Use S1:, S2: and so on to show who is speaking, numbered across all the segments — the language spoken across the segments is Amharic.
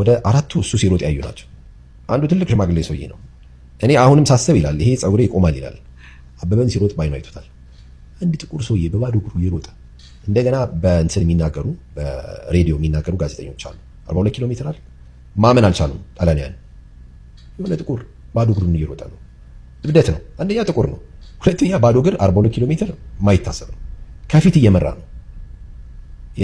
S1: ወደ አራቱ እሱ ሲሮጥ ያዩ ናቸው። አንዱ ትልቅ ሽማግሌ ሰውዬ ነው። እኔ አሁንም ሳስብ ይላል ይሄ ፀጉሬ ይቆማል ይላል። አበበን ሲሮጥ ባይኑ አይቶታል። አንድ ጥቁር ሰውዬ በባዶ እግሩ እየሮጠ እንደገና በእንትን የሚናገሩ በሬዲዮ የሚናገሩ ጋዜጠኞች አሉ። 42 ኪሎ ሜትር አለ ማመን አልቻሉም። ጣሊያንያን የሆነ ጥቁር ባዶ እግሩን እየሮጠ ነው። እብደት ነው። አንደኛ ጥቁር ነው፣ ሁለተኛ ባዶ እግር 42 ኪሎ ሜትር ማይታሰብ ነው። ከፊት እየመራ ነው።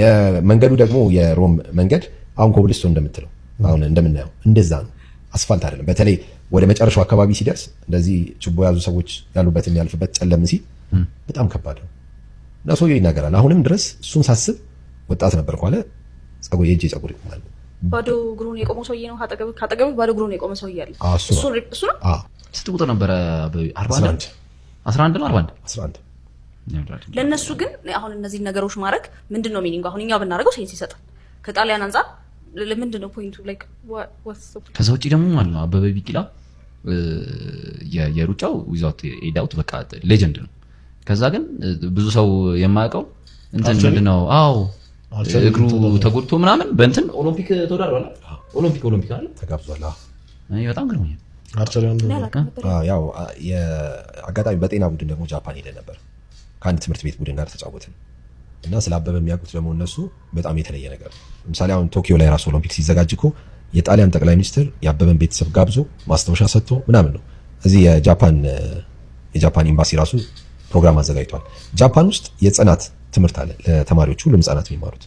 S1: የመንገዱ ደግሞ የሮም መንገድ አሁን ኮብልስቶ እንደምትለው አሁን እንደምናየው እንደዛ ነው። አስፋልት አይደለም። በተለይ ወደ መጨረሻው አካባቢ ሲደርስ እንደዚህ ችቦ የያዙ ሰዎች ያሉበት የሚያልፍበት ጨለም ሲል በጣም ከባድ ነው እና ሰውየ ይናገራል። አሁንም ድረስ እሱን ሳስብ ወጣት ነበርኩ አለ። ጸጉር የእጅ ጸጉር ይቆማል።
S2: ባዶ እግሩን የቆመ ሰውዬ ነው። ካጠገብ ባዶ እግሩን የቆመ ሰውዬ አለ። እሱ ነው።
S3: ስንት ቁጥር ነበረ? አስራ አንድ ነው። አርባ አንድ
S1: አስራ አንድ
S2: ለእነሱ ግን አሁን እነዚህ ነገሮች ማድረግ ምንድን ነው ሚኒንግ? አሁን እኛ ብናደርገው ሴንስ ይሰጣል ከጣሊያን አንጻር ለምንድን ነው ፖይንቱ?
S3: ከዛ ውጭ ደግሞ ማለት ነው አበበ ቢቂላ የሩጫው ዊዛውት ኤዳውት በቃ ሌጀንድ ነው። ከዛ ግን ብዙ ሰው የማያውቀው እንትን ምንድ ነው? አዎ እግሩ ተጎድቶ ምናምን በእንትን
S4: ኦሎምፒክ ተወዳድሯል። ኦሎምፒክ ኦሎምፒክ አለ
S1: ተጋብዟል። በጣም ገርሞኛል። አጋጣሚ በጤና ቡድን ደግሞ ጃፓን ሄደ ነበር ከአንድ ትምህርት ቤት ቡድን ጋር ተጫወትን። እና ስለ አበበ የሚያውቁት ደግሞ እነሱ በጣም የተለየ ነገር ነው። ለምሳሌ አሁን ቶኪዮ ላይ ራሱ ኦሎምፒክ ሲዘጋጅ እኮ የጣሊያን ጠቅላይ ሚኒስትር የአበበን ቤተሰብ ጋብዞ ማስታወሻ ሰጥቶ ምናምን ነው። እዚህ የጃፓን የጃፓን ኤምባሲ ራሱ ፕሮግራም አዘጋጅቷል። ጃፓን ውስጥ የጽናት ትምህርት አለ ለተማሪዎች፣ ሁሉም ህጻናት የሚማሩት